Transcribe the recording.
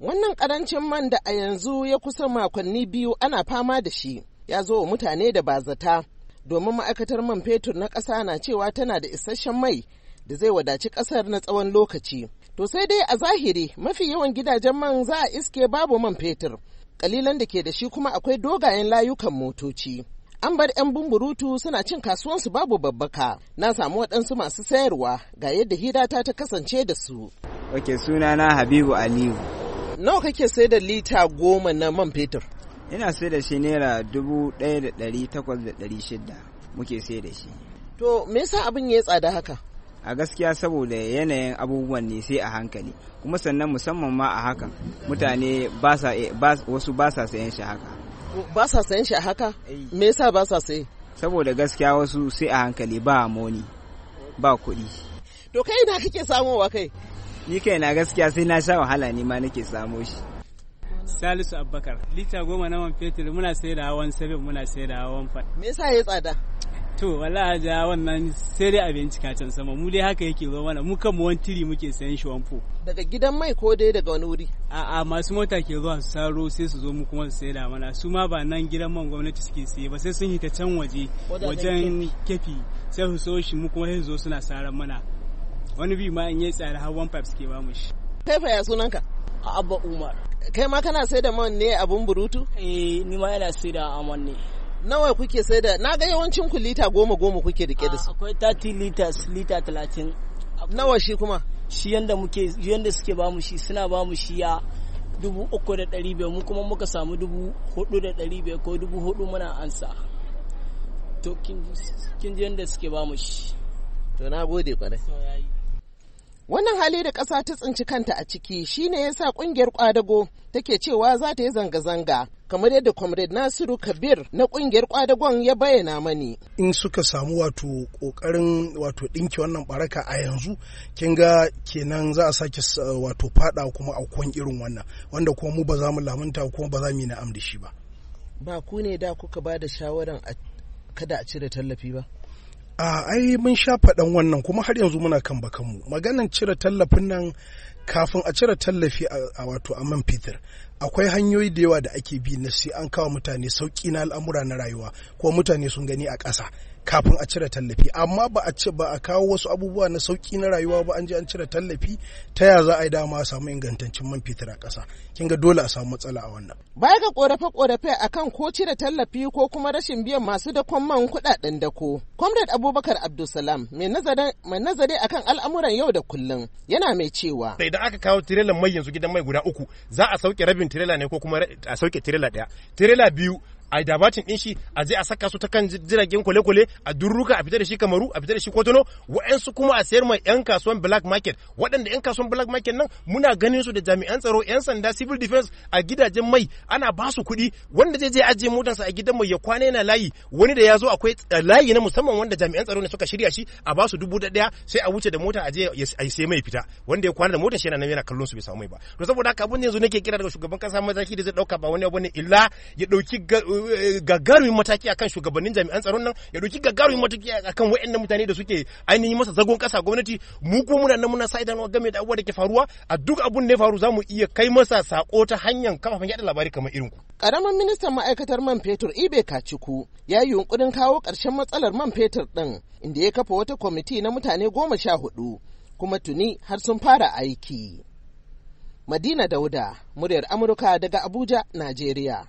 Wannan karancin man da a yanzu ya kusa makonni biyu ana fama da shi ya zo wa mutane da bazata domin ma'aikatar man fetur na ƙasa na cewa tana da isasshen mai da zai wadaci ƙasar na tsawon lokaci. To sai dai a zahiri mafi yawan gidajen man za a iske babu man fetur. Kalilan da ke da shi kuma akwai dogayen layukan motoci. An bar 'yan bumburutu suna cin kasuwansu babu babbaka. Na samu waɗansu masu sayarwa ga yadda hidata ta kasance da su. Wake sunana Habibu Aliyu. Nawa kake sai da lita goma na man fetur? Ina sai da shi naira dubu ɗaya da ɗari takwas da ɗari shida muke sai da shi. To me yasa abin ya tsada haka? a gaskiya saboda yanayin abubuwan ne sai a hankali kuma sannan musamman ma a hakan mutane wasu ba sa sayan shi haka ba sa sayan shi haka eh. me yasa ba sa sayi. saboda gaskiya wasu sai a hankali ba moni ba kuɗi to kai na kake samowa kai ni kai na gaskiya sai na sha wahala ne ma nake samo shi salisu abubakar lita goma na man fetur muna sai da hawan sabin muna sai da hawan fat me yasa ya tsada to wala ja wannan sai dai abinci can sama mu dai haka yake zo mana mu kan mu wani tiri muke sayan shi wanfo daga gidan mai ko dai daga wani wuri a'a masu mota ke zuwa su saro sai su zo mu kuma su saida mana su ma ba nan gidan man gwamnati suke siye ba sai sun hita can waje wajen kefi sai su so shi mu kuma sai su zo suna saran mana wani bi ma in yi tsari har one pipe suke ba mu shi kai fa ya sunanka abba umar kai ma kana sai da man ne abun burutu eh ni ma yana sai da aman ne nawa kuke sai da na ga yawancin ku lita goma goma kuke rike da su ah, akwai 30 liters lita 30 nawa shi kuma shi yanda muke yanda suke ba mu shi suna ba mu shi ya dubu uku da ɗari biyar mu kuma muka samu dubu hudu da ɗari biyar ko dubu hudu muna ansa to kin ji yadda suke ba mu shi to na gode kwarai Wannan hali da ƙasa ta tsinci kanta a ciki shine ya sa ƙungiyar kwadago take cewa za ta yi zanga-zanga kamar yadda Comrade Nasiru Kabir na ƙungiyar kwadagon ya bayyana mani. In suka samu wato ƙoƙarin wato ɗinki wannan baraka a yanzu kin ga kenan za a sake eh, wato faɗa kuma a kwan irin wannan wanda kuma mu ba za mu lamunta kuma ba za mu yi na'am da shi ba. Ba ku ne da kuka ba da shawaran kada a cire tallafi ba? a ai mun sha faɗan wannan kuma har yanzu muna kan mu. maganan cire tallafin nan kafin a cire tallafi a wato a man fitir akwai hanyoyi da yawa da ake bi na sai an kawo mutane sauƙi na al'amura na rayuwa ko mutane sun gani a ƙasa kafin a cire tallafi amma ba a ce ba a kawo wasu abubuwa na sauki na rayuwa ba an je an cire tallafi ta ya za a yi dama a samu ingantaccen man fetur a ƙasa kin ga dole a samu matsala a wannan baya ga korafe korafe akan ko cire tallafi ko kuma rashin biyan masu dakon man kuɗaɗen dako comrade abubakar abdulsalam mai nazari akan al'amuran yau da kullum yana mai cewa idan aka kawo tirelan mai yanzu gidan mai guda uku za a sauke rabin tirela ne ko kuma a sauke tirela ɗaya tirela biyu a dabatin din shi a je a saka su ta kan jiragen kwale-kwale a durruka a fita da shi kamaru a fita da shi kotono wa'ansu kuma a sayar ma yan kasuwan black market waɗanda yan kasuwan black market nan muna ganin su da jami'an tsaro yan sanda civil defense a gidajen mai ana ba su kuɗi wanda zai je ajiye motarsa a gidan mai ya kwana yana layi wani da ya zo akwai eh, layi na musamman wanda jami'an tsaro ne suka shirya shi a ba su dubu ɗaya sai a wuce da mota a je a yi sai mai fita wanda ya kwana da motar shi yana nan yana kallon su bai samu mai ba to saboda haka abin yanzu nake kira daga shugaban kasa mataki da zai ɗauka ba wani abu ne illa ya dauki gagarumin mataki akan shugabannin jami'an tsaron nan ya doki gagarumin mataki akan waɗannan mutane da suke ainihin masa zagon kasa gwamnati mu ko muna nan muna sa idan game da abubuwa da ke faruwa a duk abun da ya faru zamu iya kai masa sako ta hanyar kafafen yada labari kamar irin ku karamin ministan ma'aikatar man fetur ibe kaciku ya yi yunkurin kawo ƙarshen matsalar man fetur ɗin inda ya kafa wata kwamiti na mutane goma sha hudu kuma tuni har sun fara aiki madina dauda muryar amurka daga abuja najeriya